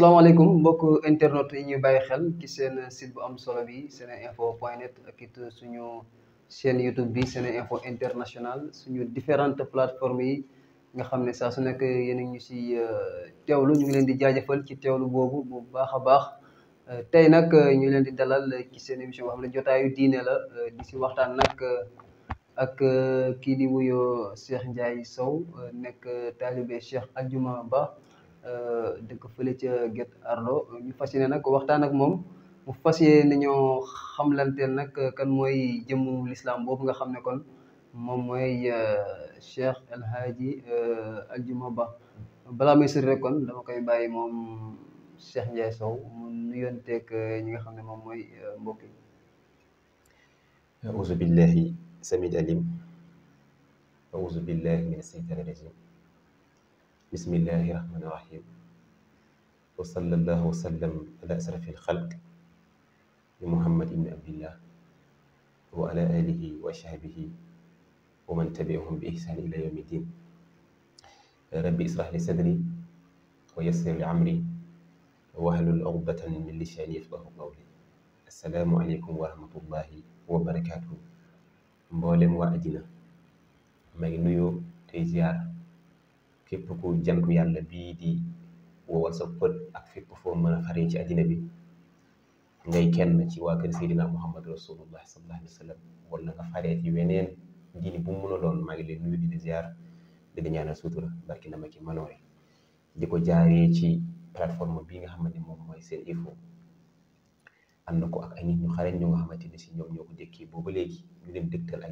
salaamaaleykum mbokk internet yi ñuy bàyyi xel ci seen site bu am solo bi sene info point net ak suñu seen YouTube bi sene info international suñu différentes plateformes yi nga xam ne saa su nekk yéen ñu si euh, teewlu ñu ngi leen di jaajëfal ci teewlu boobu bu baax a baax euh, tey nag euh, ñu leen di dalal ci seen émission boo xam ne jotaayu diine la di si waxtaan nag ak kii di wuyoo Cheikh Ndiaye Sow nekk taalibe Cheikh Adjuma Ba. Euh, dëkk fële ca Guet Ardo ñu fas yéene nag waxtaan ak moom mu fas yéene ñoo xamlanteel nag kan mooy jëmmu lislaam boobu nga xam ne kon moom mooy euh, Cheikh El Hadji euh, Aljuma Ba bala muy sori rek kon dama koy bàyyi moom Cheikh Ndiaye Sow mu nuyonteeg ñi nga xam ne moom mooy mbokk yi. auzu billahi samid alim bismillahi rahmani rahim wa sallallahu wa sallam ala asrafi alxalq li muhammad ibni abdillah wa ala alihi wa ashhabihi wa man tabiahum bi ihsani ila yawmi din rabbi israh li sadri wa yassir li amri wahlul uqdatan min lisani yafqahu qawli assalaamu aleykum wa rahmatullahi wa barakatuh mboolem waa àddina may nuyoo tey ziyaar képp ku jant yàlla bii di wowal sa pët ak fépp foo mën a faree ci àddina bi ngay kenn ci waa kër Seydina Muhammad rasulullah sallallahu alayhi wa sallam wala nga faree ci weneen diini bu mu mën maa ngi leen nuyu di ziar di la ñaanal sutura barki na ma ki manoore di ko jaaree ci plateforme bi nga xamante ne moom mooy seen info am na ko ak ay nit ñu xarañ ñoo nga xamante ne si ñoom ñoo ko dékkee booba léegi ñu leen dëgtal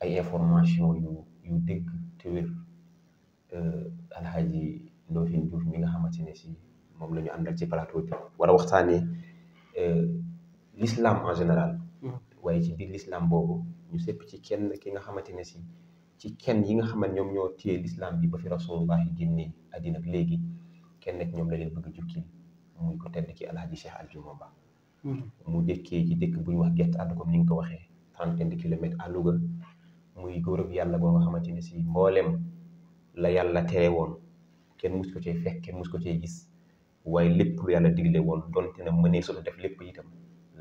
ay information yu yu dégg Euh, alxaaji Ndofène juuf mi nga xamante ne si moom la ñu àndal ci plateau bi war a waxtaanee euh, l'islam en général. Mm-hmm. waaye ci biir l'islam boobu ñu sëpp ci kenn ki nga xamante ne si ci kenn yi nga xaman ñoom ñoo téye l'islam bi ba fi rasulullah génnee àddina ak léegi kenn ak ñoom la leen bëgg a jukki muy ko tedd ki alxaaji Cheikh Aldiouma Ba. Mm-hmm. mu dëkkee ci dëkk bu ñu wax gett ànd comme ni nga ko waxee trentaine de kilomètres à Louga muy yàlla boo nga xamante ne si mboolem. la yàlla tere woon kenn mus ko cee fekk kenn mus ko cee gis waaye lépp lu yàlla digle woon donte na mënee sota def lépp itam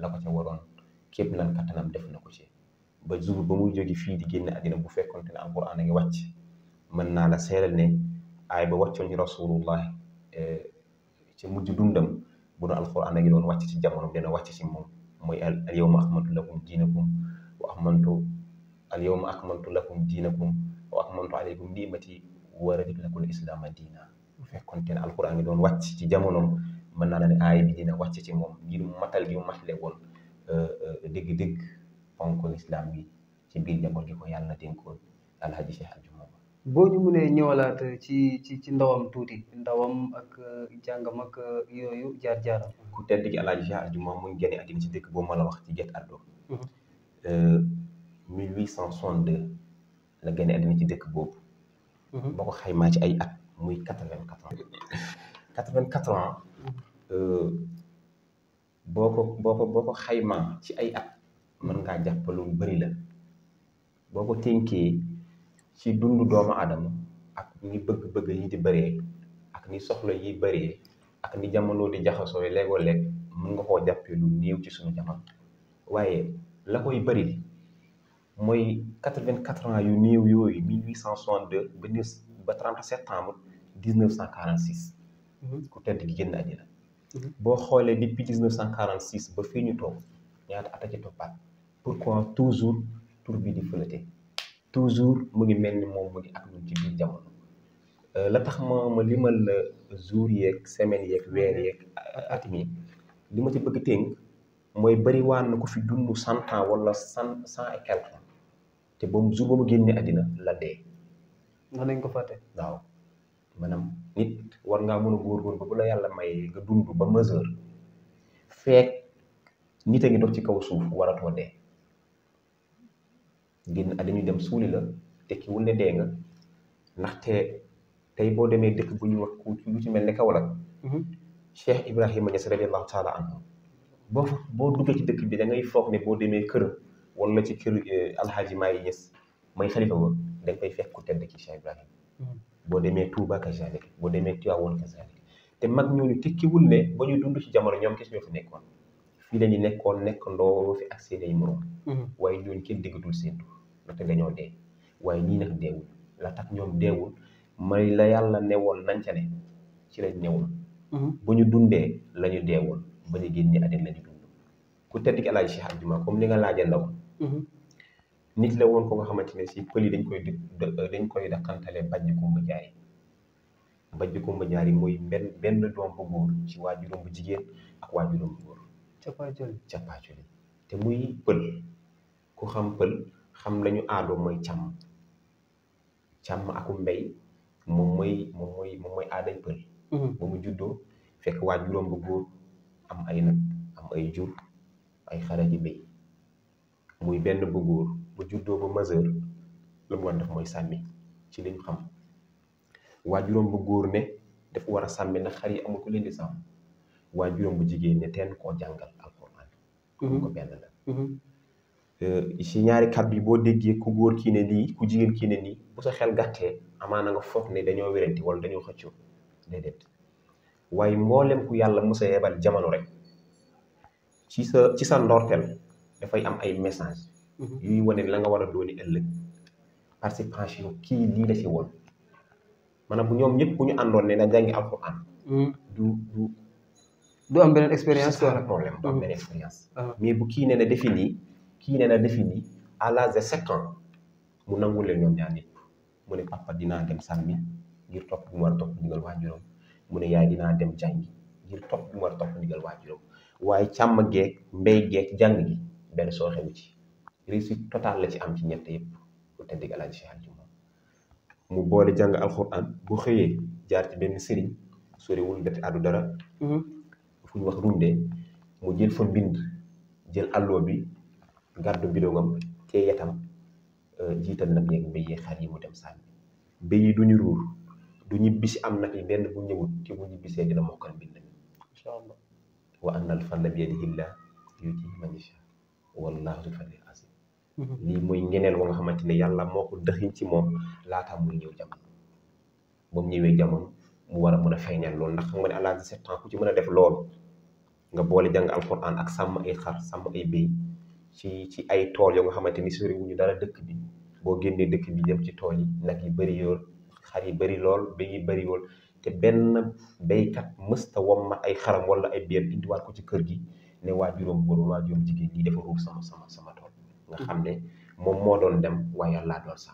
la ko ca waroon képp lan kattanam def na ko ci ba jour ba muy jóge fii di génn àddina bu te na alquran a ngi wàcc mën naa la seeral ne aay ba wàccoon ci rasulullah eh, ci mujj dundam bu doon alquran a ngi doon wàcc ci jamono dina wàcc ci moom mooy al yawma akmaltu lakum diinakum wa akmantu al yawma akmaltu lakum diinakum wa akmantu alaykum ni'mati wa radit lakum islaama diina bu fekkoon te ne alxuraan bi doon wàcc ci jamonoom mën naa la ne aay bi dina wàcc ci moom ngir matal gi mu matale woon euh, euh, dëgg-dëgg ponk lislaam gi ci biir njaboot gi ko yàlla dénkoon alhaji Cheikh Aliou boo ñu mënee ñëwalaat ci ci ci ndawam tuuti ndawam ak euh, jàngam ak yooyu jaar-jaaram. ten tedd gi alhaji Cheikh Aliou moom mu ngi génne àddina ci dëkk boo ma la wax ci Guet Ardo. 1862 mhm. la génne àddina ci dëkk boobu. Mhm. boo xaymaa ci ay at muy quatre-vingt-quatre ans quatre-vingt-quatre ans euh, boo ko boo xaymaa ci ay at mën ngaa jàpp lu bëri la boo ko tënkee ci dundu doomu aadama ak ni bëgg-bëgg yi di bëree ak ni soxla yi bëree ak ni jamono di jaxasoo yi léegoo léeg mun nga koo jàppee lu néew ci suñu jamono waaye la bëri mooy quatre-vingt-quatre ans yu néew yooyu mille huit cent soixante ba neuf ba trente septembre cent quarante-six mhm. ku tedd gi génn àddina mhm. boo xoolee depuis dix neuf cent quarante-six ba fii ñu toog ñaata at a ci toppaat pourquoi toujours tur bi di fëlate toujours mu ngi mel ni moom mu ngi ak ñun ci euh, la tax ma ma limal la jour yeeg semaine yeeg weer yeeg at mi li ma ci bëgg tënk mooy bari waan na ko fi dund cent ans wala cent cent et quelque te ba mu jour ba mu génnee àddina la dee. ndax nañ ko fàtte. waaw maanaam war ngaa mën a góorgóorlu ba bu la yàlla may nga dund ba mesure feek nit a ngi dox ci kaw suuf waratoo dee génn àddina dem suuli la te ki wul ne dee nga te tey boo demee dëkk bu ñuy wax ku ci mel ne Kaolack. Mhm. Cheikh Ibrahima Niass yi taala anhu boo boo duggee ci dëkk bi da ngay foog ne boo demee kër wala ci kër eh, alxaaji Maay Ñas may xalifa ba da nga fay fekk ku tedd ki Cheikh Ibrahim hmm. boo demee Touba kazalik boo demee Tiwaawoon kazalik te mag ñooñu tekkiwul ne ba ñu dund ci jamono ñoom kes ñoo fi nekkoon fii lañu nekkoon nekkandoo fi ak seen ay morom hmm. waaye ñooñu kenn déggatul seen tur ndaxte dañoo dee waaye ñii nag deewul la tax ñoom deewul may la yàlla newoon nañ ca ne ci lañ newoon hmm. ba ñu dundee lañu ñu ba ñu génn ñi àddina la ñu dund ku tedd ki Alaaji Cheikh Abdou Juma comme ni nga laaja ndaw Mm-hmm. nit la woon ko nga xamante ne si pël yi dañ koy dañ koy daqantale bajj kumba jaay bajj kumba jaay mooy benn benn doom bu góor ci waajuram bu jigéen ak waajuram bu góor cappaacoli cappaacoli te muy pël ku xam pël xam lañu aadoo mooy càmm càmm aku mbéy moom mooy moom mooy moom mooy aaday pël mm-hmm. ba mu juddoo fekk waajuram bu góor am ay nag am ay jur ay xara ji muy benn bu góor bu juddoo ba majeur la mu war def mooy sàmmi ci liñ xam waajuram bu góor ne dafa war a sàmmi ndax xar yi amul ku leen di sàmm waajuram bu jigéen ne teen koo jàngal alxuraan am mhm. ko benn la mhm. euh, ñaari kàddu yi boo déggee ku góor kii ne nii ku jigéen kii ne nii bu sa xel gàttee amaana nga foog ne dañoo wéranti wala dañoo xëccoo déedéet waaye mboolem ku yàlla mos a yebal jamono rek ci sa ci sa ndorteel dafay am ay message mhm. yuy wane la nga war a dooni ëllëg participation kii lii la ci woon maanaam bu ñoom ñëpp ñu àndoon ne na jàngi alxuraan mhm. du du du am beneen du am mhm. beneen expérience ah. bu kii nee na defi nii kii nee na defi nii à l'âge mu nangu leen ñoom ñaar ñëpp mu ne papa dinaa dem sàmmi ngir topp bi mu war topp ndigal waajuram mu ne yaay dinaa dem jàngi ngir topp bi mu war a topp ndigal waajuram waaye càmm geeg mbéy geeg jàng gi benn soo xewu ci réussite totale la ci am ci ñett yëpp mu boole jàng alxuraan bu xëyee jaar ci benn sëriñ soriwul dati addu dara mhm. fu ñu wax rundee mu jël fa mbind jël allo bi gàddu bidongam cee yetam euh, jiital nag yeeg mbéyee xar mu dem sànni béy yi du ñu ruur du ñu bisi am nag yi benn bu ñëwut ci bu ñu bisee dina mokkal mbind mi. incha allah wa anna al fadla bi yadihi llah yu'tiihi man yashaa wallaahu li fadlil azim mm-hmm. lii muy ngeneel wa nga xamante ne yàlla moo ko dëxiñ ci moom laataa muy ñëw jamono ba ñëwee jamono mu war a mën a feeñal loolu ndax xam nga ne à l'âge de ku ci mën a def lool nga boole jàng alquran ak sàmm ay xar sàmm ay béy ci ay tool yoo nga xamante ni sori ñu dara dëkk bi boo génnee dëkk bi jëm ci tool yi nag yi bëri yool xar yi bëri lool béy yi bëri yool te benn béykat mësta wommat ay xaram wala ay béyam indiwaat ko ci kër gi ne waajuram góor waajuram jigéen lii dafa ruuf sama sama tool nga xam ne moom moo doon dem waaye yàllaa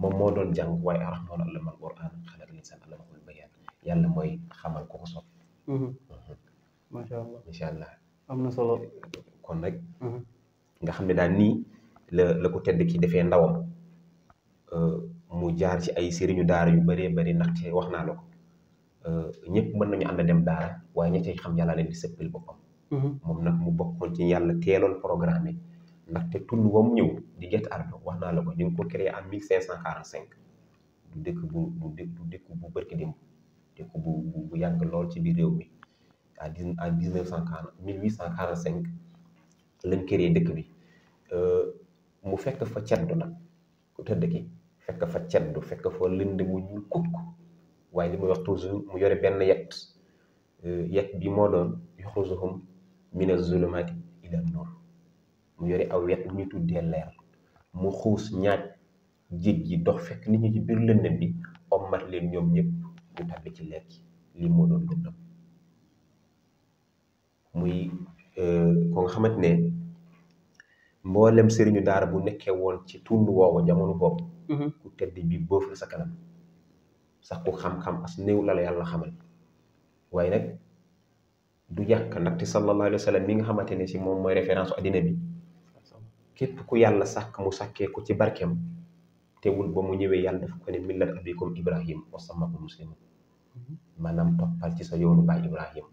moom moo doon jàng waaye arrahmaan allama alquran xalaq linsan allamahul bayaan yàlla mooy xamal ko ko sopp macha allah am na solo kon nag mm-hmm. nga xam ne daal nii la la ko tedd ki defee ndawam euh, mu jaar ci ay sëriñu daara yu bëree bëri te wax naa la ko euh, ñëpp mën nañu ànd dem daara waaye ña xam yàlla leen di sëppil boppam Mm-hmm. moom nag mu bokkoon ci yàlla teeloon programme yi ndaxte tund wam ñëw di Guet Ardo wax naa la ko ñu ngi ko créé en mille cinq cent quarante cinq du dëkk bu du dëkk bu bërki démb dëkk bu bu yàgg lool ci biir réew mi a dix à dix neuf cent quarante mille huit cent cinq lañ créé dëkk bi euh, mu fekk fa ceddu nag ku tëdd ki fekk fa ceddu fekk fa lënd mu ñuul kut ko waaye li muy wax toujours mu yore benn yet euh, yet bi moo doon yoxrusuhum mina zulumaati ila nur mu yore aw wet bu ñu tuddee leer mu xuus ñaaj jéeg yi dox fekk nit ñi ci biir lëndëm bi ommat leen ñoom ñëpp mu tàbbi ci leer gi lii moo doon muy euh, ko nga xamante ne mboolem sëriñu daara bu nekkee woon ci tund woowu jamono boobu mm-hmm. ku tedd bi boof sa kanam sax ku xam-xam as néew la la yàlla xamal waaye nag du yàq nag te sallallahu alayhi wa sallam mi nga xamante ne si moom mooy référence addina bi képp ku yàlla sàkk mu sàkkee ko ci barkeem teewul ba mu ñëwee yàlla dafa ko ne millat abikum ibrahim wa sammakum muslimin maanaam toppal ci sa yoonu baay ibrahim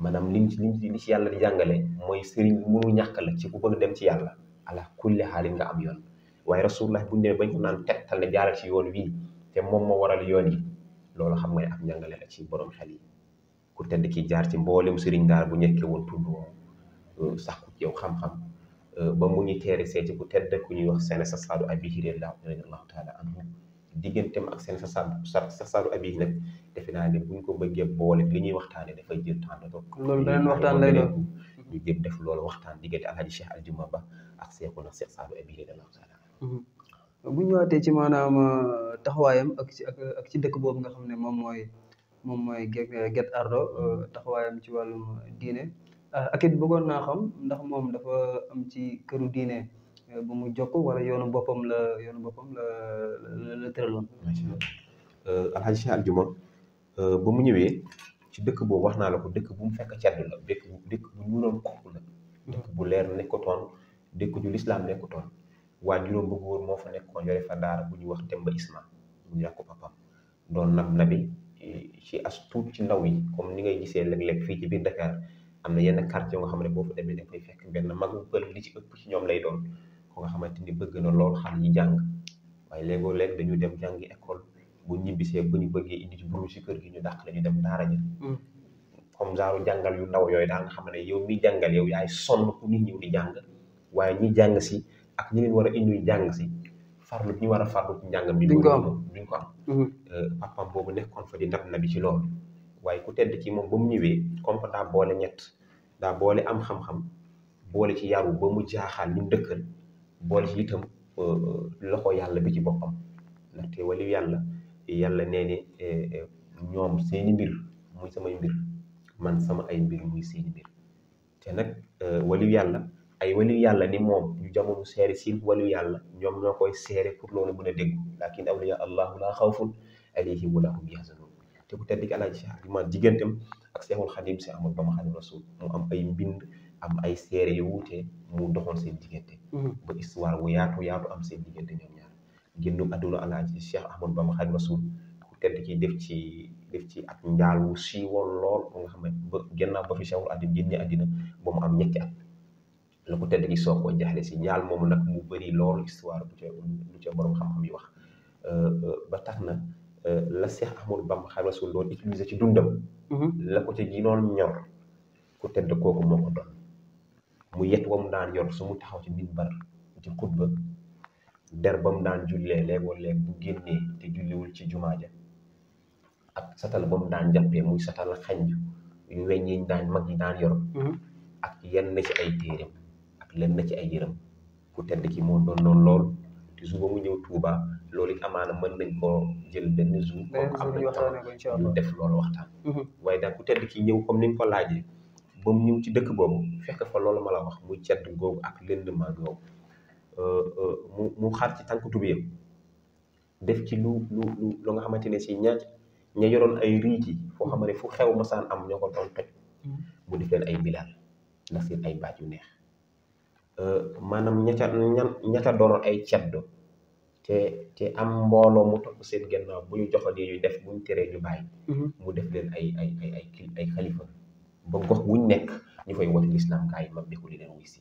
maanaam liñ ci liñ ci li ci di jàngale mooy sëriñ mënu ñàkk la ci ku bëgg dem ci yàlla ala kulli xaalin nga am yoon waaye rasulullah buñ demee bañ ko naan tegtal ne jaaral ci yoon wii te moom moo waral yoon yi loolu xam nga ne am njàngale la ci boroom xel yi ku tedd ki jaar ci mboolem sëriñ daal bu ñekkee woon tund woon euh, sax ku yow xam-xam euh, ba mu ñu teere seeti ku tedd ku ñuy wax seen sa saadu abihi radiyallahu taala anhu digganteem ak seen sa saadu sa saadu abihi nag defe naa ne buñ ko ba bëggee boole li ñuy waxtaane dafay jël temps de toog loolu beneen waxtaan lay doon ñu def loolu waxtaan diggante alhaji cheikh aljuma ba ak seexuna seex saadu abihi radiyallahu taala anhu mm-hmm. bu ñu ñëwaatee ci maanaam euh, taxawaayam ak ci ak ci dëkk boobu nga xam ne moom mooy moom mooy Get euh, Ardo euh, taxawaayam ci wàllum diine ah, ak it bëggoon naa xam ndax moom dafa am ci këru diine euh, bu mu jokk wala yoonu boppam la yoonu boppam la la la tëraloon. alxaaji Cheikh Aljuma ba mu ñëwee ci dëkk boobu wax naa la ko dëkk bu mu fekk caddu la dëkk bu dëkk bu ñuuloon kooku la. dëkk bu leer nekkutoon dëkk ju lislaam nekkutoon waa juróom bu góor moo fa nekkoon yore fa daara bu ñu wax Demba Isma bu ñu yàqu papam doon nab nabi ci as tuut ci ndaw yi comme ni ngay gisee léeg-léeg fii ci biir Dakar am na yenn quartier nga xam ne boo fa demee da fekk benn mag bu pël li ci ëpp ci ñoom lay doon ko nga xamante ni bëgg na lool xam ñi jàng waaye léegoo léeg dañu dem jàngi école bu ñibbisee bu ñu bëggee indi ci buru kër gi ñu dàq la dem daara mm. comme genre jàngal yu ndaw yooyu daal nga xam ne yow mi jàngal yow yaay sonn pour nit ñëw jàng waaye ñi jàng si ak ñi leen war a indi jàng si farlu bi war a farlu ci njàngam bi duñ ko am duñ mhm. euh, ko am papam boobu nekkoon fa di nat na bi ci lool waaye ku tedd ci moom ba mu ñëwee comme que daa boole ñett daa boole am xam-xam boole ci yaru ba mu jaaxaal ñu dëkkal boole ci itam euh, euh, loxo yàlla bi ci boppam ndaxte waliyu yàlla yàlla nee ñoom seeni mbir muy samay mbir man sama ay mbir muy seeni mbir te nag waliyu yàlla ay waliyu yàlla ni moom ñu jamono seere si waliyu yàlla ñoom ñoo koy seere pour loolu mën a déggu lakin awliya allahu laa xawfun alayhim wa lahum yahzanun te ku tedd ki alaaji ak Seexul Xadim si Ahmadu Bamba Xaadimu Rasuul am ay mbind am ay seere yu wuute mu doxoon seen diggante mm-hmm. ba histoire bu yaatu am seen diggante ñoom ñaar génnu àdduna alaaji Cheikh Ahmadu Bamba Xaadimu Rasuul ku tedd ki def ci def ci ak njaal wu siiwoon lool nga xam ne ba gannaaw ba fi Seexul Xadim ba mu am ñetti at la ko tedd gi soo jaxle si ñaal moomu nag mu bëri loolu histoire bu ca bu ca borom xam-xam yi wax euh, euh, ba tax na euh, la Seex Ahmadu Bamba Xaadimu Rasuul doon utiliser ci dundam. Mm-hmm. la ko ca ginoon ñor ku tedd kooku moo ko doon mu yet wa mu daan yor su mu taxaw ci minbar ci xutba der ba mu daan jullee léegoo léeg bu génnee te julliwul ci jumaa ja ak satal ba mu daan jàppee muy satal xañ yu weñ yi daan mag yi daan yor. Mm-hmm. ak yenn ci ay téereem leen na ci ay yërëm ku tedd ki moo doon lool lool te suba mu ñëw Touba loolu it amaana mën nañ koo jël benn jour comme am nañ temps ñu def loolu waxtaan mm-hmm. waaye daal ku tedd ki ñëw comme ni nga ko laajee ba mu ñëw ci dëkk boobu fekk fa loolu ma la wax muy cedd googu ak lëndëmaa googu euh, euh, mu mu xaar ci tànk tubéyam def ci lu lu lu lu nga xamante ne si ñaar ña yoroon ay riit yi foo xam ne fu xew masaan am ñoo ko doon toj mm-hmm. mu def leen ay bilaal ndax seen ay baat yu neex Euh, maanaam ñaca ñaca doon ay ceddo te te am mbooloo mu topp seen gannaaw bu ñu joxodee ñu def bu ñu teree ñu bàyyi mhm. mu def leen ay ay ay ay ay xalifa ba gox buñ nekk ñu fay wote lislaam kaa yi mam deku li leen wuy si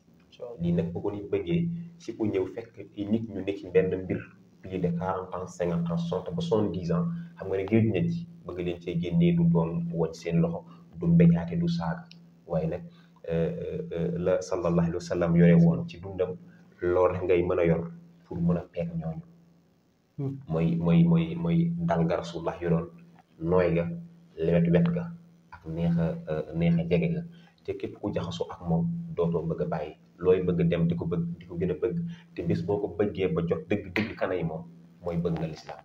lii nag bu ko nit bëggee si ku ñëw fekk nit ñu nekk ci benn mbir plus de quarante ans cinquante ans soixante ba soixante-dix ans xam nga ne géej nañ ci bëgg leen cee génnee du doon woñ seen loxo du mbeñaate du saaga waaye nag Euh, euh, euh, la sallallahu alayhi wa sallam yore woon ci dundam loolu rek ngay mën a yoon pour mën a peeg ñooñu hmm. mooy mooy mooy mooy ndal nga rasulullah yoroon nooy ga lewet wet ga ak neex a neex a jege ga te képp ku jaxasoo ak moom dootoo bëgg a bàyyi looy bëgg dem di ko bëgg di ko gën a bëgg te bis boo bëggee ba jot dëgg dëgg kanay moom mooy bëgg nga lislaam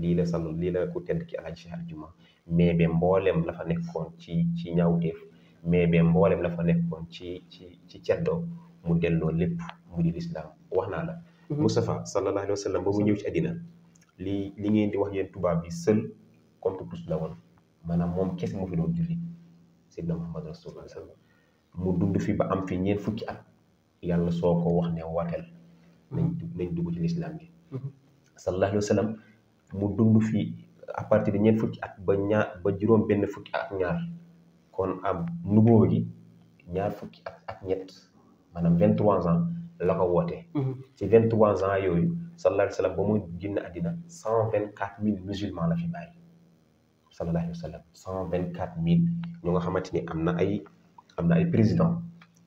lii la sall lii ku tedd ki alaaji Cheikh Al Juma mais ba mboolem la fa nekkoon ci ci ñaawteef mais ba mboolem la fa nekkoon ci ci ci ceddoo mu delloo lépp mu di lislaam wax naa la. Mhm. Moustapha sallallahu alayhi wa sallam ba mu ñëw ci àddina li li ngeen di wax yéen tubaab yi seul contre tous la woon maanaam moom kese moo fi doon julli Seydina mu dund fi ba am fi ñeent fukki at yàlla soo ko wax ne wateel nañ mhm. nañ dugg ci lislaam bi mhm. sallallahu alayhi wa mu dund fi à partir de ñeent fukki at ba ñaar ba juróom benn fukki at ñaar kon am nouveau gi ñaar fukki at ak ñett maanaam vingt trois ans la ko woote mhm. ci vingt trois ans yooyu sallallahu alayhi wa ba muy génn àddina cent vingt quatre mille musulmans la fi bàyyi sallallahu alayhi wa sallam cent vingt quatre mille ñu nga xamante ni am na ay am na ay président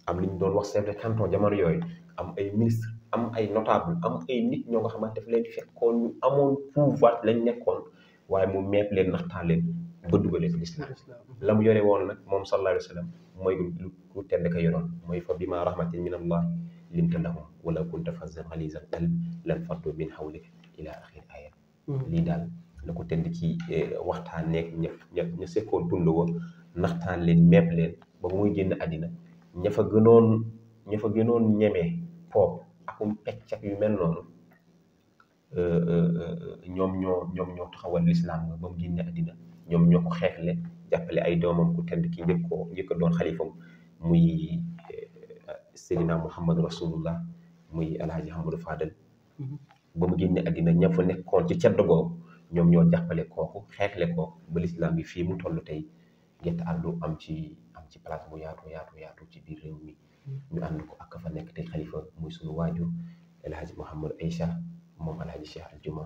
am li ñu doon wax chef de canton jamono yooyu am ay ministre am ay notable am ay nit ñoo nga xamante daf leen fekkoon ñu amoon pouvoir lañ nekkoon waaye mu meet leen naxtaan leen ba dugalee ci lislaam la mu yore woon nag moom sallallahu alayhi wa sallam mooy lu ku tedd ka yoroon mooy fa bima rahmatin min allah linta wala kunta fazzan ghalizal qalbi lan faddu min hawlika ila axir aya hmm. lii daal la ko tedd ci eh, waxtaan neeg ña ña ña sekkoon tund wa naxtaan leen meeb leen ba muy génn àddina ña fa gënoon ña fa gënoon ñemee poob akum peccak yu mel noonu eh, eh, ñoom ñoo taxawal lislaam ba mu génne àddina ñoom ñoo ko xeexle jàppale ay doomam ku tedd ki njëkk ko njëkk a doon xalifam muy eh, Seydina Mouhamadou Rasulullah muy Alhaji Amadou Fadal mhm. ba mu génne àddina ña fa nekkoon ci cedd googu ñoom ñoo jàppale kooku xeexle ko ba lislaam bi fii mu toll tey Ñett Àddu am ci am ci bu yaatu yaatu yaatu ci biir réew mi mhm. ñu ànd ko ak fa nekk tey xalifa muy sunu waajur El Hadj Mouhamadou Aïcha moom El Hadj Cheikh Aljuma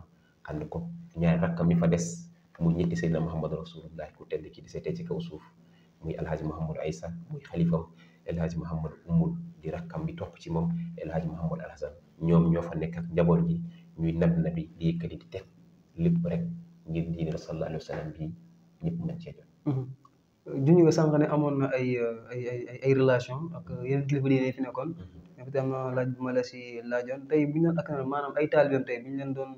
ànd ko ñaari rakkam mi fa des mu ñetti Seydina Muhammad rasulullah ku tedd ki di seetee ci kaw suuf muy El Hadj Mouhamadou Aïssa muy xalifam El Hadj Mouhamadou di rakkam bi topp ci moom El Hadj Mouhamadou Al Hassan ñoom ñoo fa nekk ak njaboot ji ñuy nab nabi di yëkkati di teg lépp rek ngir diine sallallahu alayhi wa sallam bi ñëpp mën cee jot. Mhm. juñu amoon na ay ay ay ay relation ak yeneen kilifa diine yi fi nekkoon. Mhm. bu ma la si laajoon bu ñu doon ak maanaam ay taalibeem tey bu doon.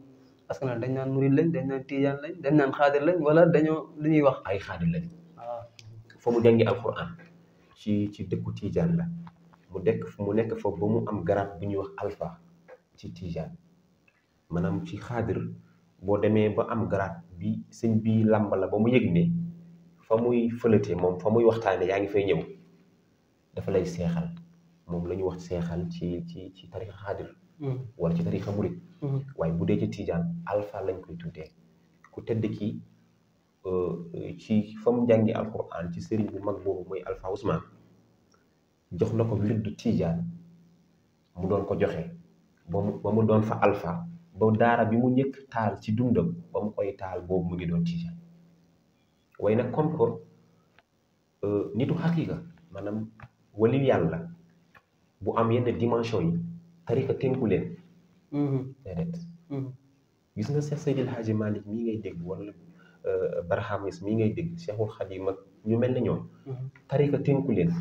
parce que nag dañ naan murid lañ dañ naan tijaan lañ dañ naan xaadir lañ wala dañoo lu ñuy wax. ay xaadir lañ. waaw ah. fa mu jàngi alquran ci ci dëkku la mu dekk mu nekk fa ba mu am garab bu ñuy wax alpha ci tijaan maanaam ci xaadir boo demee ba am garab bi sëñ bi làmb ba mu yëg ne fa muy fëlëte moom fa muy waxtaanee yaa ngi fay ñëw dafa lay seexal moom la ñu wax seexal ci ci ci tarixa xaadir hmm. wala ci tarixa murid waaye bu dee ci tijaan alpha lañ koy tuddee ku tedd ki euh, ci fa mu jàngi alquran ci sëriñ bu mag boobu mooy alpha Ousmane jox na ko du tiijaan mu doon ko joxe ba mu doon fa alpha ba daara bi mu njëkk taal ci dundam ba mu koy taal boobu mu ngi doon tijaan waaye nag comme que euh, nitu xaqiqa maanaam wali yàlla bu am yenn dimension yi tarika tënku leen Mm-hmm. déedéet mm-hmm. gis nga Cheikh Seydil Hadji Malick mii ngay dégg wala euh, Barhamis mii ngay dégg Cheikhul Khadim ak ñu mel ne ñoom mm-hmm. tarika tënku leen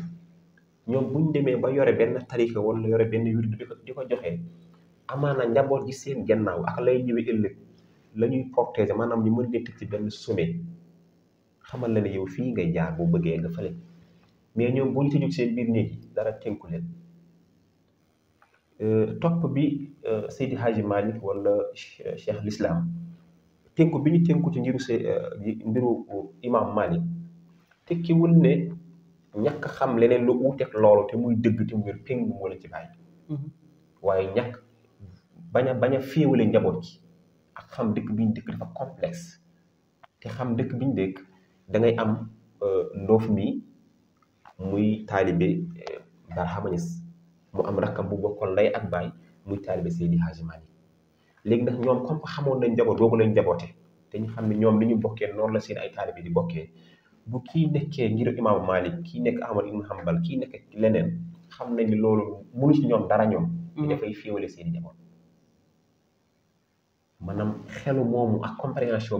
ñoom buñ demee ba yore benn tarika wala yore benn wird di ko di ko joxee amaana njaboot gi seen gennaaw ak lay ñëwee ëllëg la ñuy protéger maanaam ñu mën leen ci benn sommet xamal la ne yow fii ngay jaar boo bëggee nga fële mais ñoom bu ñu seen biir néeg dara tënku leen Euh, topp bi euh, Seydi Hadji Malick wala Cheikh lislaam tënku bi ñu tënku ci ngiru se euh, mbiru imam Malick tekkiwul ne ñàkk xam leneen lu uuteeg loolu te muy dëgg te muy péngu wala ci bàyyi mm-hmm. waaye ñàkk bañ a bañ a féewale njaboot gi ak xam dëkk bi ñu dëkk dafa am ndoof mi muy taalibe Barhama Niass mu am rakkam bu bokkoon lay ak baay muy taalibe Seydi Hadji Malick léegi nag ñoom comme xamoon nañ njaboot boobu lañ njaboote te ñu xam ne ñoom li ñu bokkee noonu la seen ay taalibe di bokkee bu kii nekkee ngir imaamu Malick kii nekk Ahmad ibn Hanbal kii nekk leneen xam nañ loolu mënu ci ñoom dara ñoom ñu mm. dafay féewale seen i njaboot maanaam xelu moomu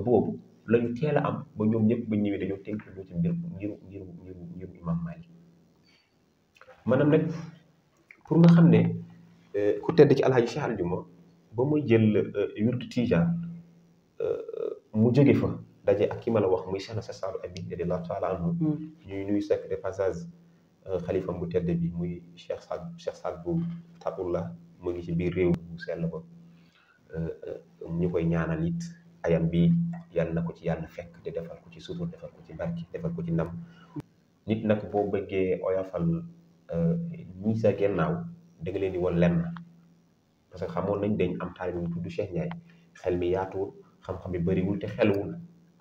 boobu lañu teel am ba ñoom ñëpp ñëwee dañoo tënk lu ci mbiru mbiru mbiru mbiru imam Malik maanaam pour nga xam ne mm. euh, ku tedd ci alxaaji Cheikh Aljuma ba muy jël euh, wirdu tijaan euh, mu jóge fa daje ak ki ma la wax muy Cheikh na sa Saadu Abi radiyallahu mm. ñuy nuyu sekk de passage xalifam bu tedd bi muy Cheikh Saad Cheikh Saad bu Taboula mu ngi ci biir réew bu sell ba ñu koy ñaana nit ayam bi yàlla na ko ci yàlla fekk te defal ko ci sutur defal ko ci barki defal ko ci ndam nit nag boo bëggee oyafal Euh, ñii sa gennaaw da leen di woon lenn parce que xamoon nañ dañ am taalibe bu tudd Cheikh Ndiaye xel mi yaatu xam-xam bi bëriwul te xelwul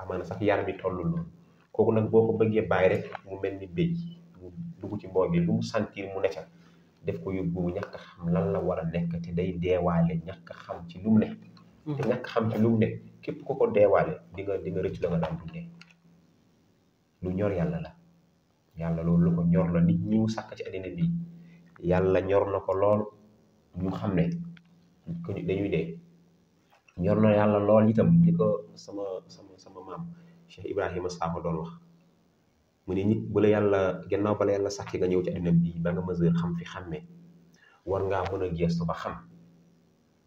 amaana sax yar mi tollul noonu kooku nag boo bëggee bàyyi mu mel ni dugg ci mbool bi lu mu mu ne def ko yóbbu ñàkk xam lan la war a nekk te day deewaale ñàkk xam ci lu mu ne hmm. te xam ci lu ne képp ko ko deewaale di di nga rëccu la nga daan dundee lu ñor yàlla la yàlla loolu lu ñor la nit ñi mu sàkk ci àddina bi yàlla ñor na ko lool ñu xam ne ku dañuy dee ñor na yàlla lool itam li sama sama maam Cheikh Ibrahima Sakho doon wax mu ne nit bu la yàlla gannaaw bala yàlla sàkk nga ñëw ci àddina bii ba nga mesure xam fi xàmmee war ngaa mën a gestu ba xam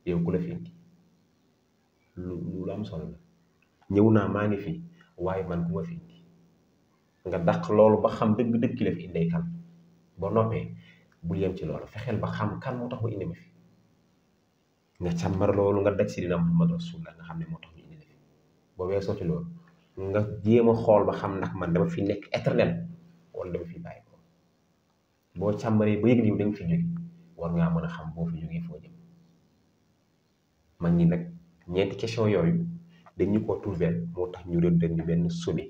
yow ku la fi indi lu lu am solo la ñëw naa maa ngi fi waaye man ku ma fi nga dàq loolu ba xam dëgg-dëgg ki la fi indee kan ba noppee bu yem ci loolu fexeel ba xam kan moo tax mu ma fi nga loolu nga daj si dina Muhammad Rasulullah nga xam ne moo tax ñu indi la fi ba weesoo ci loolu nga jéem a xool ba xam ndax man dama fi nekk éternel wala dama fi bàyyi ko boo càmbaree ba yëg ni da nga fi jóge war ngaa mën a xam boo fi jógee foo jëm mag ñi nag ñeenti question yooyu dañ ñu ko trouvé moo tax ñu doon dem ñu benn sommet.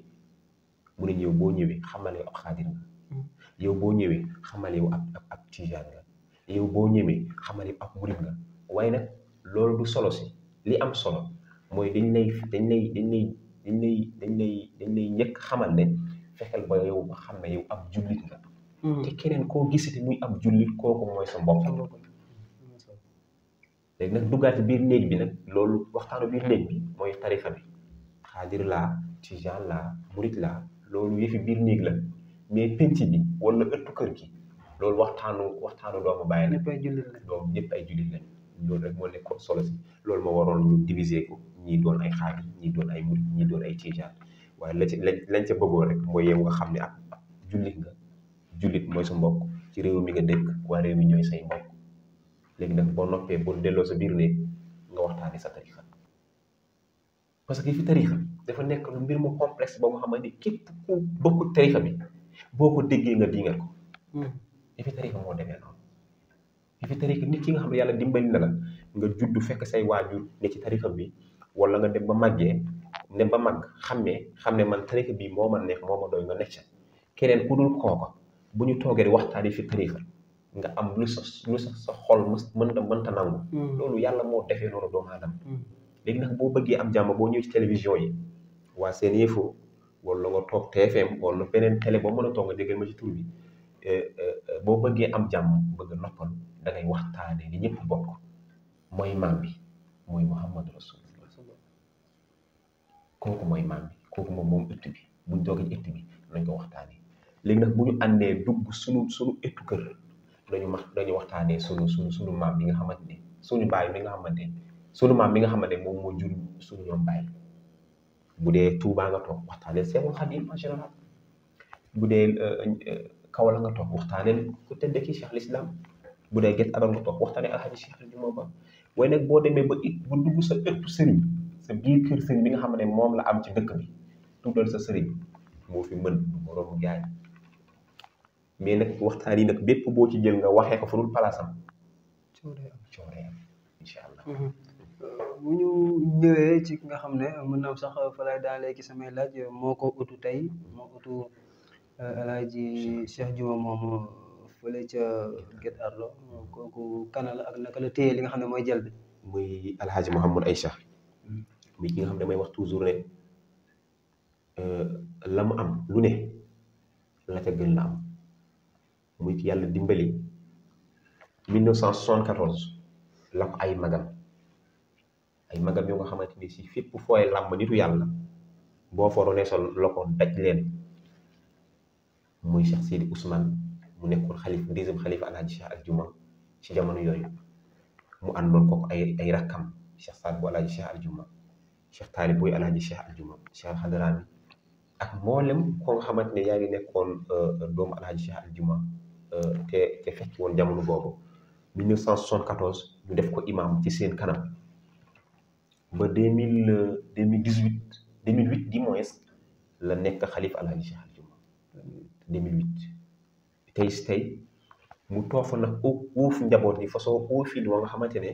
mu boo ñëwee xamal yow ab xaadir nga mm. yow boo ñëwee xamal yow ab tijaan nga yow boo ñëwee xamal yow ab murid nga waaye nag loolu du solo si li am solo mooy dañ lay dañ lay dañ lay ñëkk xamal ne fexeel ba yow xam ne yow ab jullit nga mm. te keneen koo gisati muy ab jullit kooku mooy sa mbokk léegi nag duggaat biir néeg bi nag loolu waxtaanu biir néeg bi mooy tarifa bi xaadir laa tijaan laa murid laa loolu yëfi biir néeg la mais pénc bi wala ëttu kër gi loolu waxtaanu waxtaanu doomu bàyyi la. ñëpp ay jullit la doom ñëpp ay loolu rek moo nekkoon solo si loolu moo waroon ñu diviser ko ñii doon ay xaalis ñii doon ay murit ñii doon ay tijaan waaye la ci lañ ca bëggoon rek mooy yow nga xam ne ab jullit nga jullit mooy sa mbokk ci réew mi nga dëkk waa réew mi ñooy say mbokk léegi nag boo noppee boo delloo sa biir néeg nga waxtaanee sa tarixa parce que fi tarixa dafa nekk mbir mu complexe ba nga xamante ni képp ku bokkul tarixa boo ko déggee nga dingal ko. yi hmm. fi tarixa moo demee noonu. yi fi tarixa nit ki nga xam ne yàlla dimbali na la nga juddu fekk say waajur ne ci tarixa bi wala nga dem ba màggee ne ba màgg xammee xam ne man tarixa bi moo ma neex moo ma doy nga nekk ca keneen ku dul kooka bu ñu toogee di waxtaan yi fi nga am lu sa lu sa sa xol mënta mënta nangu. Hmm. loolu yàlla moo defee noonu doomu aadama. Hmm. léegi nag boo bëggee am jàmm boo ñëw ci yi. waa seen info wala nga toog TFM wala beneen télé boo mën a toog nga déggal ma ci tur bi eh, eh, boo bëggee am jàmm bëgg noppal dangay ngay waxtaane li ñëpp bokk mooy maam bi mooy Muhammad Rasulullah kooku mooy maam bi kooku moom moom ëtt bi mu doogee ci ëtt bi nañ ko waxtaane léegi nag bu ñu àndee dugg sunu sunu ëttu kër dañu ma dañu waxtaanee sunu sunu sunu maam bi nga xamante ne sunu baay bi nga xamante ne sunu maam bi nga xamante ne moom moo jur sunu ñoom baay bu dee Touba nga toog waxtaanee Seexul Xadiim en général bu dee euh, euh, Kawola nga toog waxtaanee ku tedd ki Cheikh bu dee Guet Arame nga toog waxtaanee Alxaaji Cheikh Juma Ba waaye boo demee ba it bu dugg sa ëttu sëriñ sa biir kër bi nga xam ne moom la am ci dëkk bi tuddal sa sëriñ moo fi mën moroomu yaay mais nag waxtaan yi nag bépp boo ci jël nga waxee ko fa dul palaasam cooree allah mm-hmm. bu ñu ñëwee ci ki nga xam ne mën naa sax fa lay daalee samay laaj moo ko utu tey moo utu euh, El Hadj Cheikh Diouma moom fële ca Guet Ardo kooku kanal ak naka la téye li nga xam ne mooy jël bi. muy El Hadj Mouhamadou Aïcha. muy ki nga xam ne damay wax toujours ne euh, la am lu ne la ca gën la am muy ki yàlla dimbali 1974 ay magam. ay magam nga xamante ni si fépp fooy làmb nitu yàlla boo foro ne sa loxo daj leen muy Cheikh Sidi Ousmane mu nekkoon xalif dixième xalifa alaaji Cheikh Aljuma ci jamono yooyu mu àndoon kook ay ay rakkam Cheikh Saad bu alaaji Cheikh Aljuma Cheikh Taalib Boy alaaji Cheikh Aljuma Cheikh ak mboolem koo nga xamante ne yaa ngi nekkoon euh, doomu alaaji Cheikh Aljuma euh, te te fekk woon jamono boobu 1974 ñu def ko imam ci seen kanam ba deux mille euh, deux huit deux mille huit du moins la nekk xalif alhaji Cheikh Al deux mille huit tey si tey mu toofa nag uuf njaboot yi façon uufiin wa nga xamante ne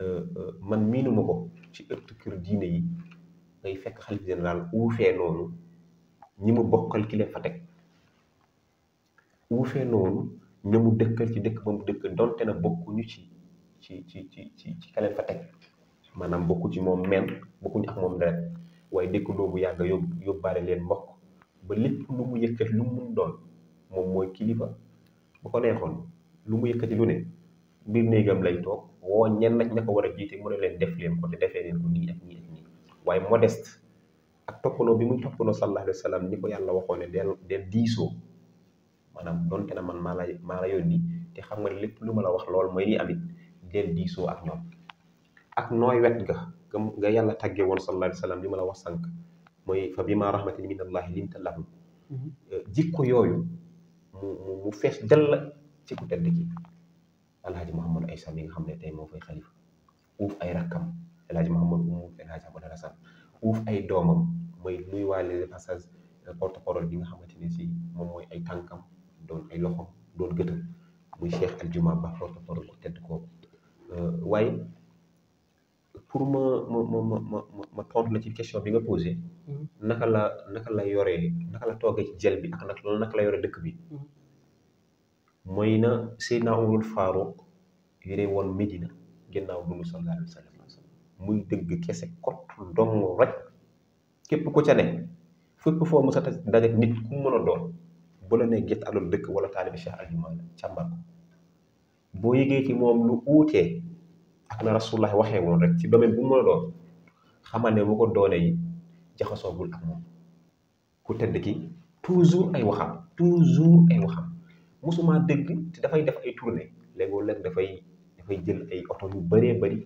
euh, euh, man miinuma ci ëttu kër yi ngay fekk xalif général uufee noonu ñi mu bokkal ki leen fa teg uufee noonu ña mu dëkkal ci dëkk ba mu dëkk donte na bokkuñu ci ci ci ci ci ci ka leen fa teg maanaam bokku ci moom meen bokkuñu ak moom deret waaye dëkkandoo bu yàgg yób yóbbaale leen mbokk ba lépp lu mu yëkkati lu mu doon moom mooy kilifa bu ko neexoon lu mu yëkkati lu ne biir néegam lay toog woo ñenn ña ko war a jiitee mu ne leen def leen ko te defee leen ko nii ak nii ak nii waaye modeste ak toppandoo bi mu toppandoo sallallahu alayhi wa sallam ni ko yàlla waxoon ne del del diisoo maanaam donte na man maa la maa la yónni te xam nga lépp lu ma la wax lool mooy li amit del diisoo ak ak nooy wet ga nga yàlla tàggee woon sallallahu alayhi wa sallam li ma la wax sànq mooy fa bima rahmatin min allahi linta lahum mhm. euh, jikko yooyu mu mu fees dell ci ku tedd ki alhaji Mouhamadou Aïssa mi nga xam ne tey moo fay xalifa uuf ay rakkam alhaji Mouhamadou uuf uuf ay doomam mooy nuy waale passage euh, porte parole bi nga xamante ne si moom mooy ay tànkam doon ay loxom doon gëtam muy Cheikh Aljuma Ba porte parole tedd kooku euh, waaye pour ma ma ma ma tontu la ci question bi nga posé. Mm-hmm. naka la naka la yore naka la toogee ci jël bi ak naka loolu la yoree dëkk bi. Mm-hmm. mooy na Seydina Umarul Faaruq yore woon Medina kese kott rek képp ku ca ne fépp foo mos a dajeeg nit ku mu mën la nee dëkk wala taalibi Cheikh boo yëgee ci moom lu uutee. ak na rasulullah waxee woon rek ci domaine bu mu mën doon xamal ne bu ko doonee yi jaxasoogul ak moom ku tedd ki toujours ay waxam toujours ay waxam mosuma dégg te dafay def ay tournée léegoo léeg dafay dafay jël ay oto yu bëree bari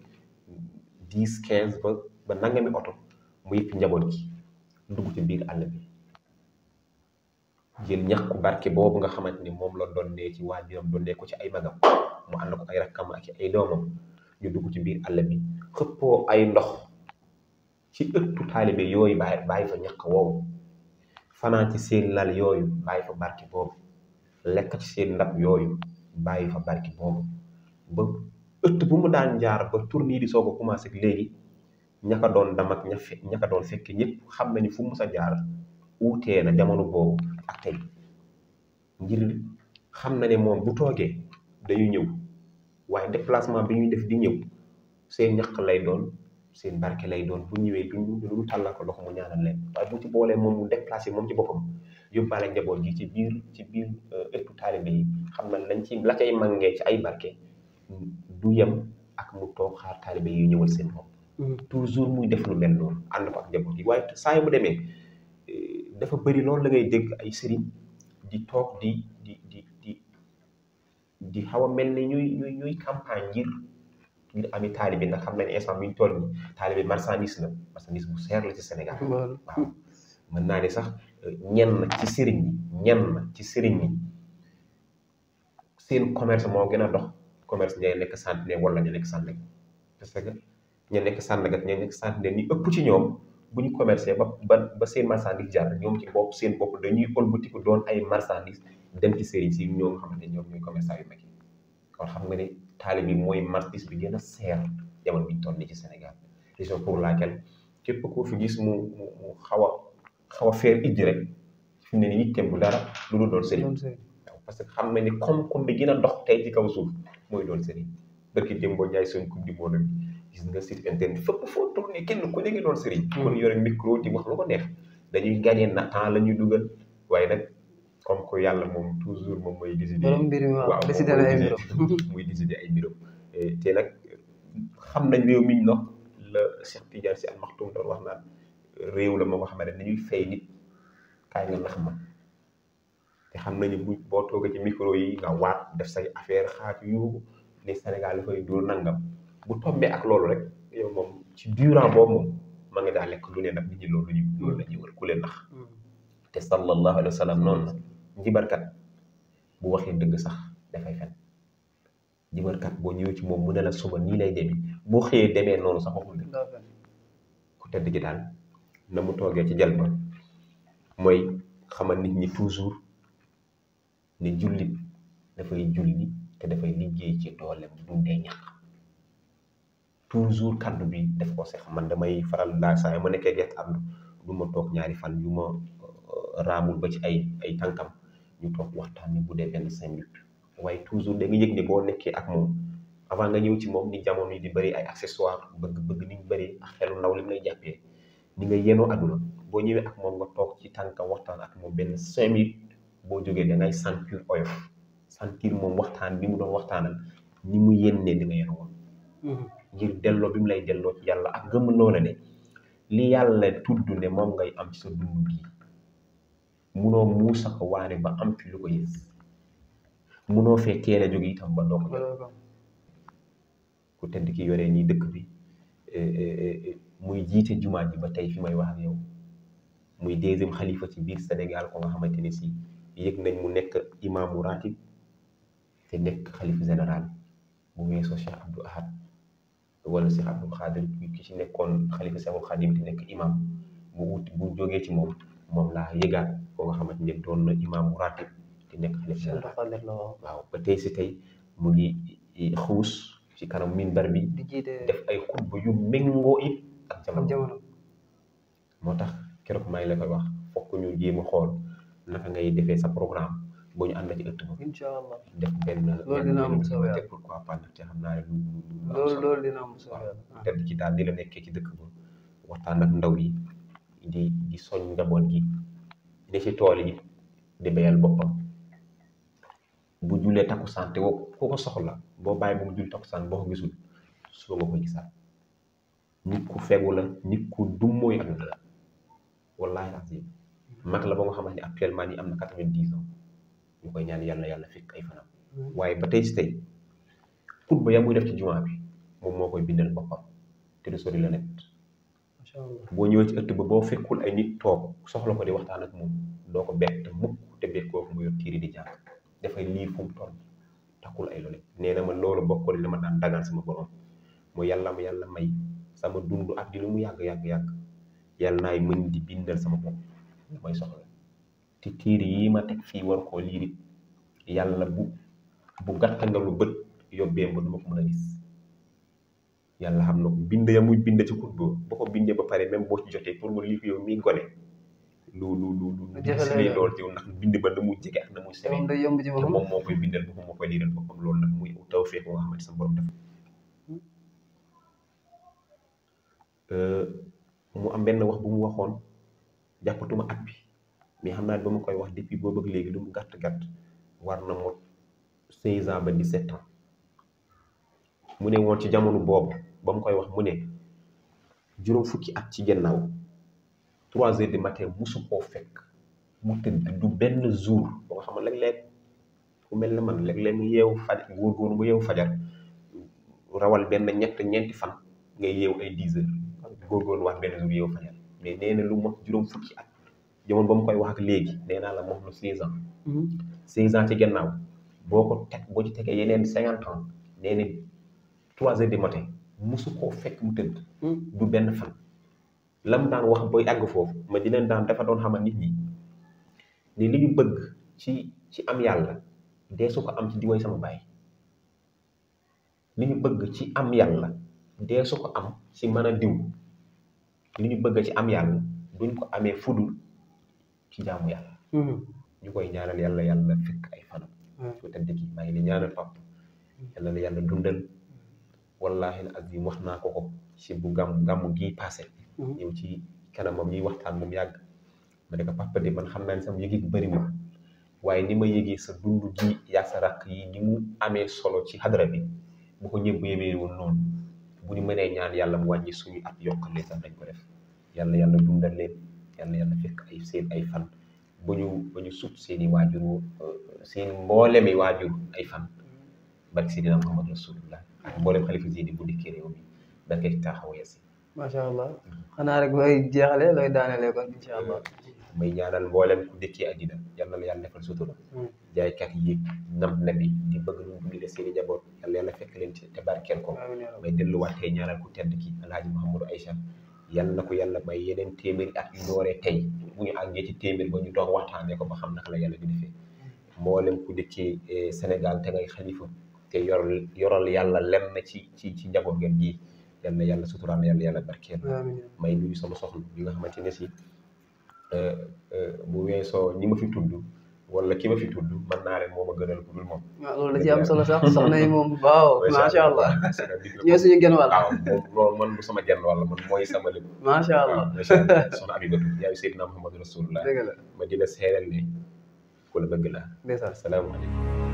dix quinze ba ba nangami oto mu yëpp njaboot gi dugg ci biir àll bi jël ñax ku barke boobu nga xamante ni moom la doon nee ci waajuram doon nee ko ci ay magam mu ànd ko ay rakkam ak ay doomam ñu dugg ci biir àll bi xëppoo ay ndox ci ëttu taalibe yooyu bàyyi bàyyi fa ñaq woowu fanaan ci seen lal yooyu bàyyi fa barki boobu lekk seen ndab yooyu bàyyi fa barki ba ëtt bu mu daan jaar ba tournée di soo a commencé ak léegi ñaka doon dam ak ña doon fekk ñépp xam nañu fu mus a jaar uutee na jamono boobu ak tey ngir xam na ni moom bu toogee dañu ñëw waaye déplacement bi ñuy def di ñëw seen ñaq lay doon seen barke lay doon bu ñëwee duñ duñ tàllal ko loxo mu ñaanal leen ci boolee moom mu moom ci boppam yóbbaale njaboot gi ci biir ci biir euh, ëttu taalibe yi xam na lañ ci la cay màngee ci ay barke du yem ak mu toog xaar taalibe yi ñëwal seen bopp. Mm. toujours muy def lu mel noonu ànd ko ak njaboot yi waaye saa yu bu demee euh, dafa bëri loolu la ngay dégg ay sëriñ di toog di di xaw a mel ni ñuy ñuy ñuy campagne ngir ngir ami taalibe ndax xam nañ instant bi ñu toll nii taalibe marchandise la marchandise bu seer la ci Sénégal. waaw mën naa ne sax euh, ñenn ci sëriñ yi ñenn ci sëriñ yi seen commerce moo gën a dox commerce ñay nekk Santéné wala ñu nekk Sandaga que ñu nekk Sandaga ñu nekk Santéné ni ëpp ci ñoom bu ñu commercé ba ba ba seen marchandise jar ñoom ci bopp seen bopp dañuy ëlbatiku doon ay marchandise dem ci sëriñ si ñoo nga ñoom ñooy commerçant yu mag yi kon xam nga ne taalibe bi mooy martis bi gën a seer jamono biñ toll nii ci Sénégal raison pour laquelle képp koo fi gis mu mu mu xaw a xaw a feer ijji rek fi mu ne nii itteem bu dara lu dul doon sëriñ waaw parce que xam nga ne koom-koom bi gën a dox tey ci kaw suuf mooy doon sëriñ barki Demba Ndiaye seen coupe du monde bi gis nga site internet fépp foo tourné kenn ku ne ngi doon sëriñ. Hmm. kon yore di wax lu ko neex dañuy gagné na temps la ñuy dugal waaye nag. comme que yàlla moom toujours moom mooy décider borom mbir mi waaw décider ay mbiram ay mbiram te nag xam nañ réew mi ñu la Cheikh Tidiane Sy Al wax naan réew la moo xam ne dañuy fay nit kaay nga nax ma te xam nañu bu boo toogee ci micro yi nga waat def say affaire xaaj yu ne Sénégal dafay dóor nangam bu tombee ak loolu rek yow moom ci durant boobu moom ma nga daa lekk lu ne nag nit loolu ñu loolu la ñuy wër ku leen nax mm. te sallallahu alayhi wa sallam noonu la jibarkat bu waxee dëgg sax dafay fen jibarkat boo ñëwee ci moom mu ne la suba nii lay demee boo xëyee demee noonu sax waxul dëgg ku tedd ji daal na mu toogee ci jal ba mooy xamal nit ñi toujours ne julli dafay julli te dafay liggéey ci dooleem dundee ñaq toujours kaddu bi def ko sax man damay faral laa saa ma nekkee gerte àndu du ma toog ñaari fan yu ma euh, raamul ba ci ay ay tànkam ñu toog waxtaan bu dee benn cinq minutes waaye toujours da nga yëg ne boo nekkee ak moom avant nga ñëw ci moom ni jamono yi di bëri ay accessoire bëgg bëgg niñ bëri ak xelu ndaw li mu ni nga yenoo àdduna boo ñëwee moom nga toog ci tànka waxtaan ak moom benn cinq minutes boo jógee da ngay sentir oyof sentir moom waxtaan bi mu doon waxtaanal ni mu yennee di nga yenoo woon mm-hmm. ngir delloo bi mu lay delloo ci yàlla ak gëm loola ne li yàlla tudd ne moom ngay am ci sa dund bi munoo mu ko waane ba am ci lu ko yëg munoo fee teel a jóge itam ba doo ko yëg ku tedd ki yoree nii dëkk bi e, e, e, muy jiite jumaa ji ba tey fi may wax ak muy deuxième xalifa ci biir Sénégal ko nga xamante ni si yëg nañ mu nekk imaamu ratib te nekk xalifa général bu weesoo Cheikh Abdou Ahad wala Cheikh Abdou Khadir ki ci nekkoon xalifa Cheikhul Khadim te nekk imaam bu ut bu jógee ci moom moom laa yëgaat ko nga xamante ni doon na imaamu ratib di nekk xalif général waaw ba tey si tey mu ngi eh, xuus ci kanam minbar bi def ay xutba yu méngoo it ak jamono moo tax keroog maa ngi la koy wax fokk ñu jéem a xool naka ngay defee sa programme boo ñu ànd ci ëtt ba. incha allah def benn loolu dina am solo te pourquoi naa ne loolu loolu dina am ci daal di la nekkee ci dëkk ba waxtaan ak ndaw yi di soñ njaboot gi. di ci tool yi di béyal boppam bu jullee takkusaan te ku ko soxla boo bàyyi ba mu jul takkusaan boo ko gisul suba nga ko gisaat nit ku fegu la nit ku dummooy la wallaahi azim la ba nga ne actuellement nii am na quatre-vingt-dix ñu koy ñaan yàlla yàlla fekk ay fanam waaye ba tey si tey xutba ya muy def ci jumaa bi moom moo koy bindal boppam te du sori la net boo ñëwee ci ëtt ba boo fekkul ay nit toog soxla ko di waxtaan ak moom doo ko bett mukk te bett koo mu yor tiiri di jàng dafay liir fu mu toll takkul ay loole nee na ma loolu bokkoon li ma daan dagal sama borom mu yàlla ma yàlla may sama dund ak di lu yàgg yàgg yàgg yàlla naay mën di bindal sama bopp damay soxla te tiiri yi ma teg fii war koo liiri yàlla bu bu gàtt nga lu bët yóbbee ma du ma ko mën a gis. yàlla xam na ko bind ya muy bind ci xutba ba ko bindee ba pare même boo ci jotee pour nga lii ko yow gone lu lu lu lu si lay dool ci ndax bind ba na muy jege ak moo koy bindal boppam moo koy liiral boppam loolu nag muy tawfeex nga sa borom def mu am benn wax bu mu waxoon jàppatuma at bi mais xam naa ba ma koy wax depuis boobu ak léegi lu mu gàtt gàtt war na mot seize ans ba dix-sept ans mu ne woon ci jamono boobu ba mu koy wax mu ne juróom fukki at ci gannaaw trois heures du matin musu koo fekk mu tëdd du benn jour ba nga xam ne léeg mel ne man léeg-léeg mu yeewu fajar góor góor mu yeewu fajar rawal benn ñett ñeenti fan nga yeewu ay dix heures góor góor wax benn jour yeewu fajar mais nee na lu mot juróom fukki at jamono ba mu koy wax ak léegi nee naa la moom lu seize ans mhm. seize ans ci gannaaw boo ko teg boo ci tegee yeneen cinquante ans nee na trois heures du matin musu koo fekk mu tëdd. Hmm. du benn fan. lam daan wax booy àgg foofu ma di leen daan dafa doon xamal nit ñi ni li bëgg ci ci am yàlla dee su ko am ci di sama baay li ñu bëgg ci am yàlla dee su ko am mën a diw li ñu bëgg ci am yàlla duñ ko amee fudul ci jaamu yàlla. Hmm. ñu koy ñaanal yàlla yàlla fekk ay fanam. su hmm. tëdd ki maa ngi leen ñaanal yàlla la yàlla dundal. wallaahi azim wax naa ko ko ci bu gàmm gàmm gii passé ñëw mhm. ci kanamam ñuy waxtaan moom yàgg ma ne ko papa de man xam naa ne sama yëg-yëg bëriwul waaye ni ma yëgee sa dund ji yaa sa rakk yi ñu mu amee solo ci hadara bi bu ko ñëpp yëgee woon noonu bu ñu mënee ñaan yàlla mu wàññi suñu at yokkale leen sax nañ ko def yàlla yàlla dundal leen yàlla yàlla fekk ay seen ay fan ba ñu ba ñu sut seen i waajur uh, seen mboolemi waajur ay fan barke Seydina Muhammad Rasulullah ak mboolem xalifa yi di bu dikkee réew taaxaw yasi macha allah mm-hmm. xanaa rek looy jeexale looy daanelee kon incha allah muy mm-hmm. ñaanal mboolem ku dëkkee àddina yàlla na yàlla defal sutura mm-hmm. jaaykat yi nam na bi bëgg lu mu dundee seen i njaboot yàlla yàlla fekk leen ci te barkeel ko may delluwaatee ñaanal ku tedd ki alhaaji Mouhamadou Aïcha yàlla na ko yàlla may yeneen téeméeri at yu dooree tey bu ñu àggee ci téeméer ba ñu toog waxtaanee ko ba xam naka la yàlla di defee mboolem ku dëkkee eh, Sénégal te ngay xalifa te yor yoral yàlla lenn ci ci ci njaboot ngeen ji yal na yàlla suturaam yal na yàlla barkeel may nuyu sama soxna bi nga xamante ne si euh, euh, bu weesoo ñi ma fi tudd ki ma fi tudd mën naa leen moo ma gënal ku dul moom. waaw loolu la ci am solo sax soxna allah ñoo suñu genn wàll. waaw moom man sama genn wàll man mooy sama lépp. macha allah waaw macha allah soxna Abibatu yaayu Seydina Muhammadu Rasulullah. dëgg la ma dina seeral ne ku la bëgg laa. ndeysaan salaamaaleykum.